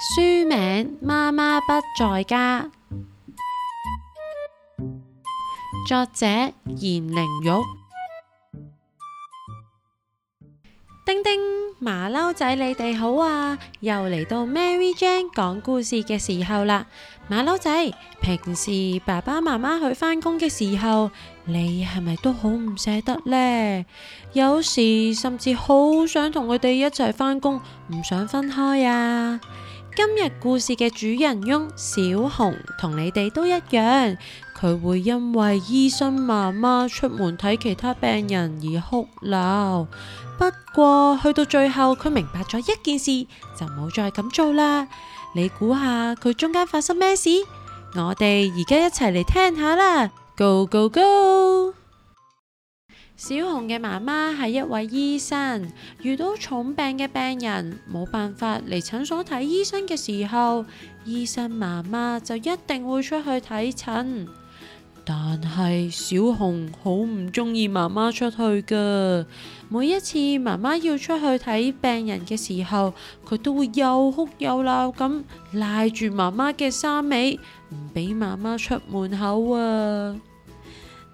書名《媽媽不在家》，作者延玲玉。丁丁、馬騮仔，你哋好啊！又嚟到 Mary Jane 講故事嘅時候啦。馬騮仔，平時爸爸媽媽去返工嘅時候，你係咪都好唔捨得呢？有時甚至好想同佢哋一齊返工，唔想分開呀、啊。今日故事嘅主人翁小熊同你哋都一樣，佢會因為醫生媽媽出門睇其他病人而哭鬧。不過去到最後，佢明白咗一件事，就冇再咁做啦。你估下佢中間發生咩事？我哋而家一齊嚟聽下啦！Go go go！小熊嘅媽媽係一位醫生，遇到重病嘅病人冇辦法嚟診所睇醫生嘅時候，醫生媽媽就一定會出去睇診。但係小熊好唔中意媽媽出去噶，每一次媽媽要出去睇病人嘅時候，佢都會又哭又鬧咁，拉住媽媽嘅衫尾，唔俾媽媽出門口啊。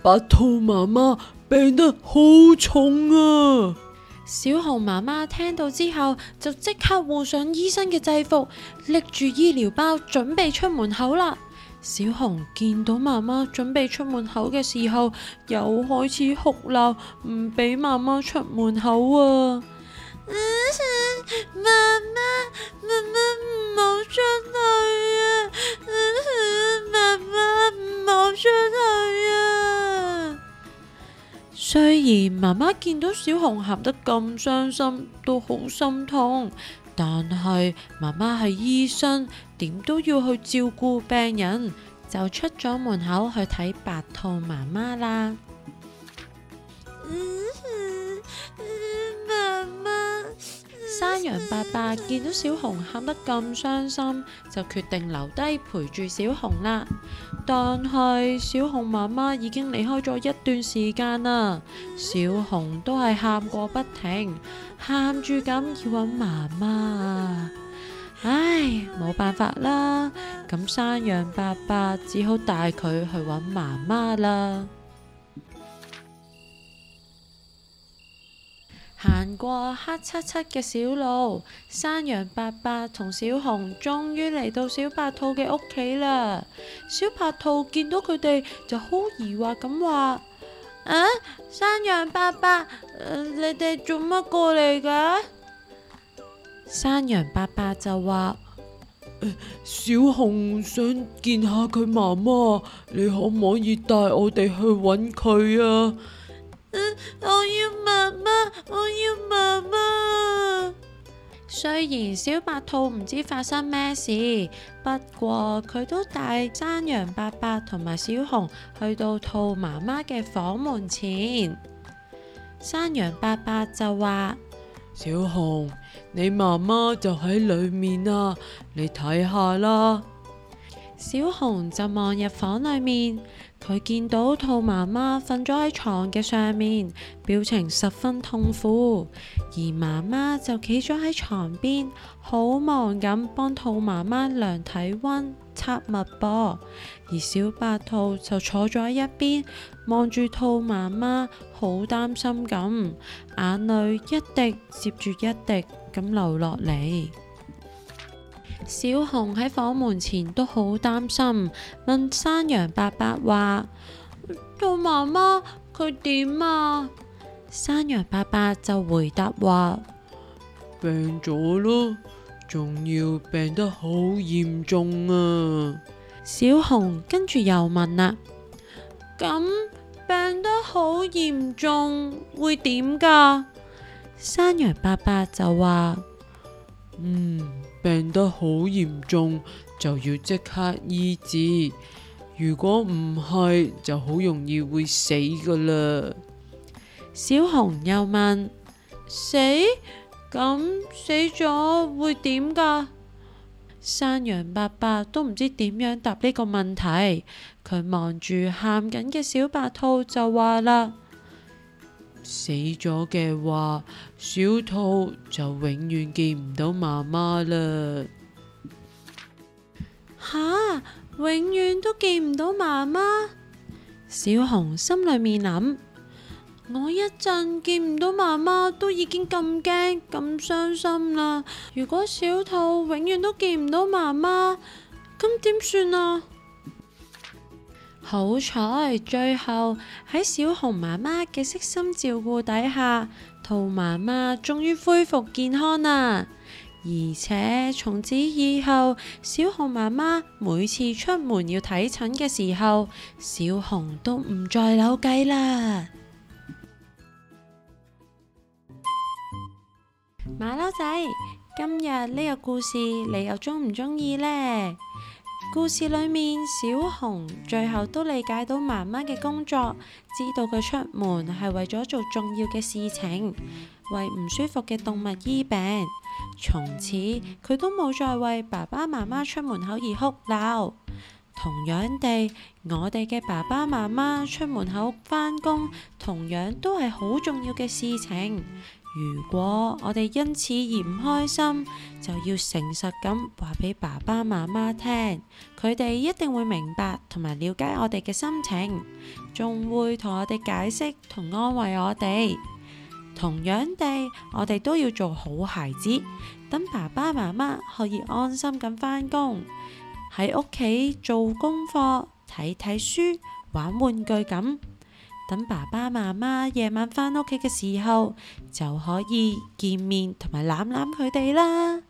白兔媽媽病得好重啊！小熊媽媽聽到之後就即刻換上醫生嘅制服，拎住醫療包準備出門口啦。小熊見到媽媽準備出門口嘅時候，又開始哭鬧，唔俾媽媽出門口啊！媽媽媽媽唔好出去啊！媽媽唔好出去。媽媽雖然媽媽見到小熊喊得咁傷心，都好心痛，但係媽媽係醫生，點都要去照顧病人，就出咗門口去睇白兔媽媽啦。嗯山羊伯伯見到小熊喊得咁傷心，就決定留低陪住小熊啦。但係小熊媽媽已經離開咗一段時間啦，小熊都係喊過不停，喊住咁要搵媽媽。唉，冇辦法啦，咁山羊伯伯只好帶佢去搵媽媽啦。行過黑漆漆嘅小路，山羊伯伯同小熊終於嚟到小白兔嘅屋企啦。小白兔見到佢哋就好疑惑咁話：啊，山羊伯伯，呃、你哋做乜過嚟㗎？山羊伯伯就話，呃，小熊想見下佢媽媽，你可唔可以帶我哋去揾佢啊？我要媽媽，我要媽媽。雖然小白兔唔知發生咩事，不過佢都帶山羊伯伯同埋小熊去到兔媽媽嘅房門前。山羊伯伯就話：小熊，你媽媽就喺裏面啦，你睇下啦。小熊就望入房裏面，佢見到兔媽媽瞓咗喺床嘅上面，表情十分痛苦，而媽媽就企咗喺床邊，好忙咁幫兔媽媽量體溫、測脈搏，而小白兔就坐咗喺一邊，望住兔媽媽，好擔心咁，眼淚一滴接住一滴咁流落嚟。小熊喺房門前都好擔心，問山羊爸爸話：兔媽媽佢點啊？山羊爸爸就回答話：病咗咯，仲要病得好嚴重啊！小熊跟住又問啦：咁病得好嚴重會點噶？山羊爸爸就話：嗯。病得好嚴重，就要即刻醫治。如果唔係，就好容易會死噶啦。小熊又問：死？咁死咗會點噶？山羊伯伯都唔知點樣答呢個問題。佢望住喊緊嘅小白兔就話啦。死咗嘅話，小兔就永遠見唔到媽媽啦！吓、啊，永遠都見唔到媽媽？小熊心裏面諗：我一陣見唔到媽媽都已經咁驚咁傷心啦，如果小兔永遠都見唔到媽媽，咁點算啊？好彩，最後喺小熊媽媽嘅悉心照顧底下，兔媽媽終於恢復健康啦！而且從此以後，小熊媽媽每次出門要睇診嘅時候，小熊都唔再扭計啦。馬騮仔，今日呢個故事你又鍾唔鍾意呢？故事裏面，小熊最後都理解到媽媽嘅工作，知道佢出門係為咗做重要嘅事情，為唔舒服嘅動物醫病。從此佢都冇再為爸爸媽媽出門口而哭鬧。同樣地，我哋嘅爸爸媽媽出門口返工，同樣都係好重要嘅事情。如果我哋因此而唔開心，就要誠實咁話俾爸爸媽媽聽，佢哋一定會明白同埋了解我哋嘅心情，仲會同我哋解釋同安慰我哋。同樣地，我哋都要做好孩子，等爸爸媽媽可以安心咁返工，喺屋企做功課、睇睇書、玩玩具咁。等爸爸媽媽夜晚翻屋企嘅時候，就可以見面同埋攬攬佢哋啦。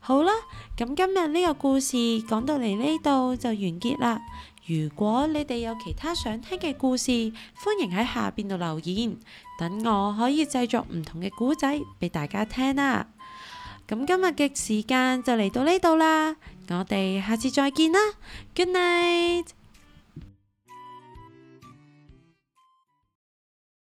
好啦，咁今日呢個故事講到嚟呢度就完結啦。如果你哋有其他想聽嘅故事，歡迎喺下邊度留言，等我可以製作唔同嘅故仔俾大家聽啦。咁今日嘅時間就嚟到呢度啦，我哋下次再見啦，Good night。